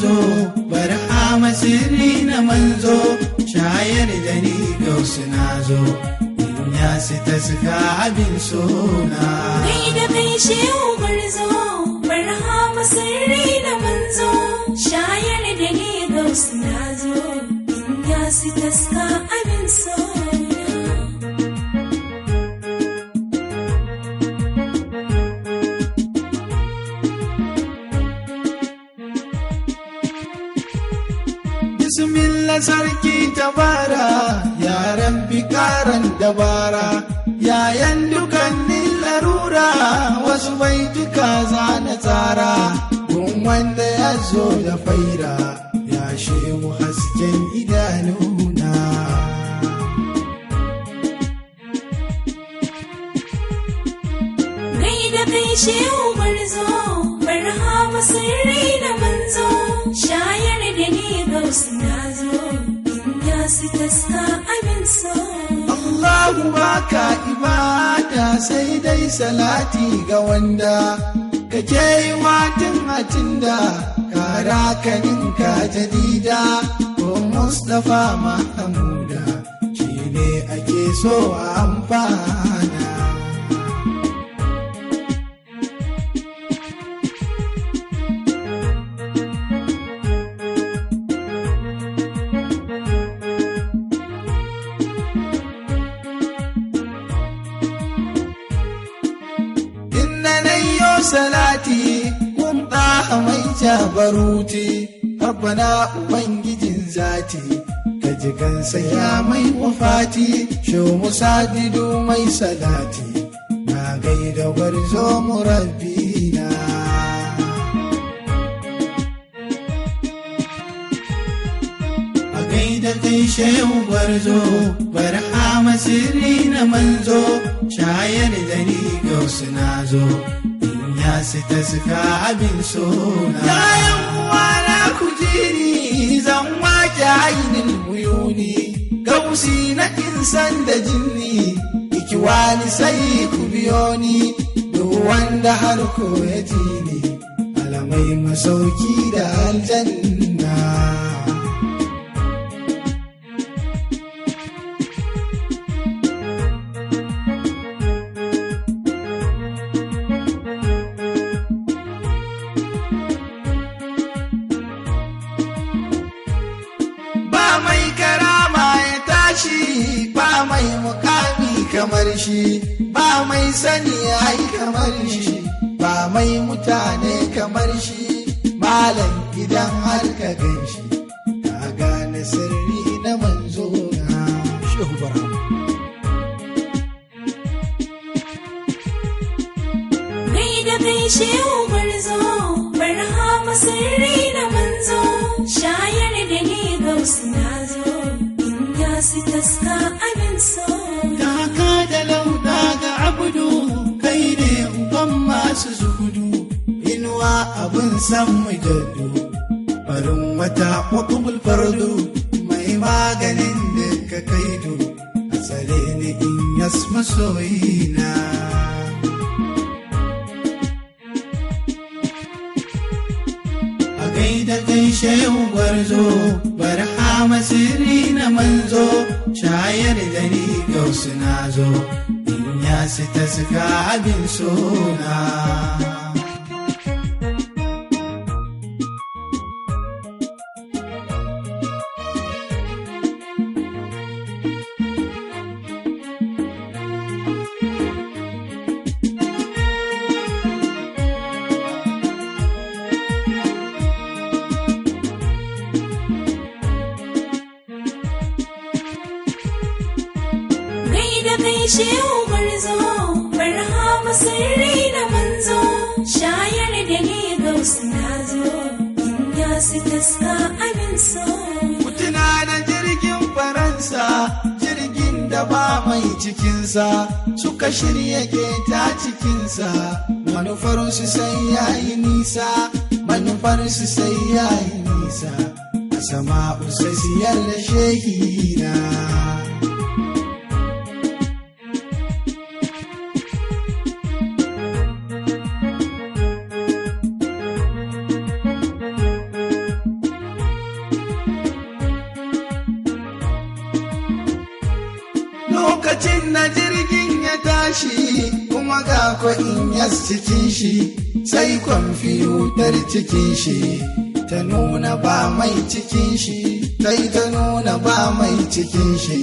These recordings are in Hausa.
zo bar a masiri na manzo shayar da ni gausu na zo ya ta suka abin sona kai da kai umar zo bar a masiri na manzo shayar da ni gausu na zo ya ta suka ran dabara yayan dukannin larura wasu baituka na tsara kun wanda ya zo da faira ya mu hasken idanuna kai shehu shayar da ni gausu na zo in ya su taska amin so Allahu baka ibada sai dai salati ga wanda kake yi matin atinda kara kanin ka jadida ko Mustapha Mahamuda shi ne ake so a amfana. ta baruti rabbana ubangijin zati ka ji kansa ya mai wafati sho Sadi mai salati na gaida gwarzo mu rabbina a gaida kai shehu gwarzo barhama sirri na manzo shayar da ni gausu na zo ya sita suka abin suna yayan uwana ku jini zan wake ainin wuyuni gausi na insan da jinni iki wani sai ku biyo ni duk wanda har ya jini alamai masauki da aljanna kamar shi ba mai sani ai kamar shi ba mai mutane kamar shi malam gidan har ka gan shi ka gane sirri na manzo na shehu shehu barzo barhama sirri na manzo shayar da ni gausu na zo in ya su taska anan so sun san mujaddu farin wata hukubul fardu mai maganin da ka kaidu asale ni in yas masoyina a gaida kai shehu gwarzo bar hama sirri na manzo shayar da ni gausu na zo in yasi ta suka abin sona shehu gwarzo barhama sirri na manzo shayar da ne gausu na zo ya su taska amin so jirgin faransa jirgin da ba mai cikinsa suka shirya keta cikinsa manufarsu sai ya yi nisa manufarsu sai ya yi nisa a sama'u sai siyar da shehina Lokacin na jirgin ya tashi kuma ga yas cikin shi sai kwamfutar cikin shi ta nuna ba mai cikin shi sai ta nuna ba mai cikin shi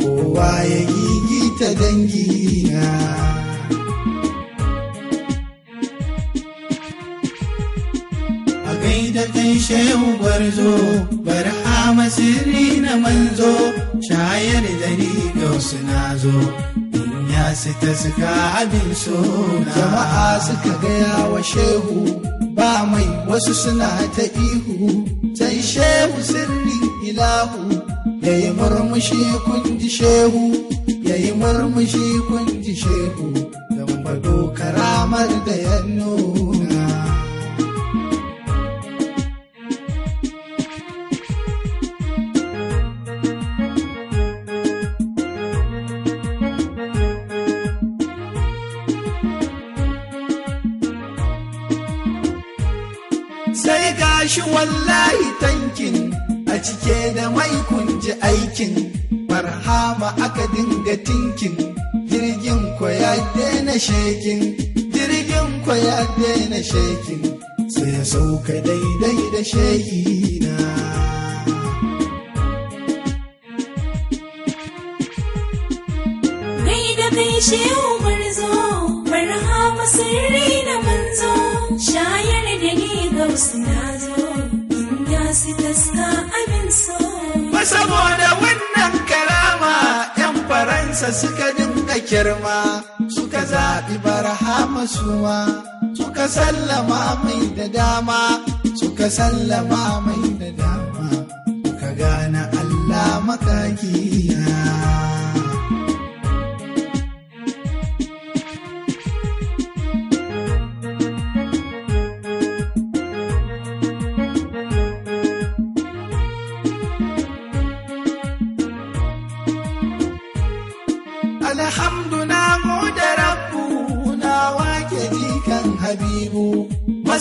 kowa ya gigita dangi na. da kai shehu gwarzo bar sirri na manzo shayar dari wasu suna zo ya ta suka abin so jama'a suka gaya wa shehu ba mai wasu suna ta ihu sai shehu sirri ilahu ya yi murmushi kun ji shehu ya yi murmushi kun ji shehu don dokar karamar da yannu. shi wallahi tankin a cike da mai kunji aikin marhama aka dinga tinkin jirgin ko ya daina shekin jirgin ko ya daina shekin sai ya sauka daidai da shehina na. kai shehu marzo marhama sirri na manzo shayar da ni gausina su abin Ba saboda wannan kalama, ‘yan Faransa suka dinga kirma, suka zaɓi barhama suma, suka sallama mai da dama, suka sallama mai da dama, suka gane Allah makakiya.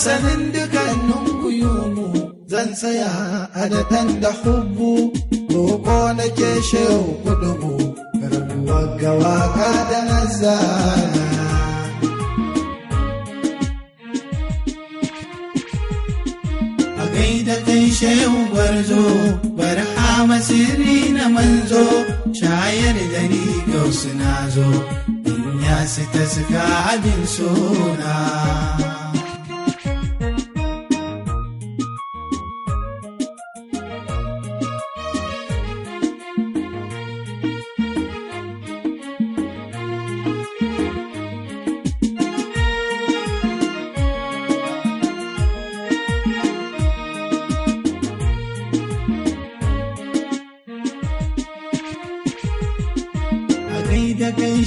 sanin dukannin kuyumu zan tsaya a daɗan da hubbu roƙo na ke shehu kudubu rabuwar gawaka da nazara a gaida kai shehu gwarzo bar hama sirri na manzo shayar da ni gausu na zo in ya sita suka abin sona.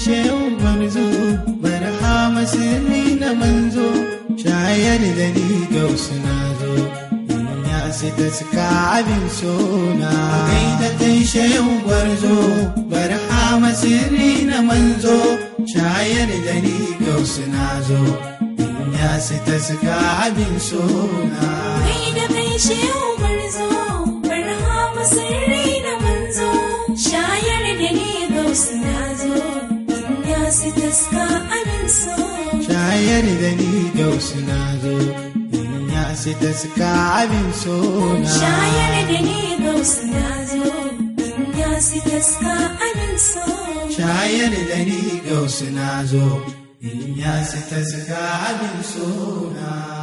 shehu barzo barhama sirri na manzo shayar da ni gausu na zo ya su taska abin sona gaida kai shehu barzo hama sirri na manzo shayar da ni gausu na zo ya su abin sona shehu fuska anan so shayar da ni da wasu na zo ya si ta suka abin so na shayar da ni da wasu na zo ya si ta suka abin so shayar da ni da wasu na zo ya si ta suka abin so na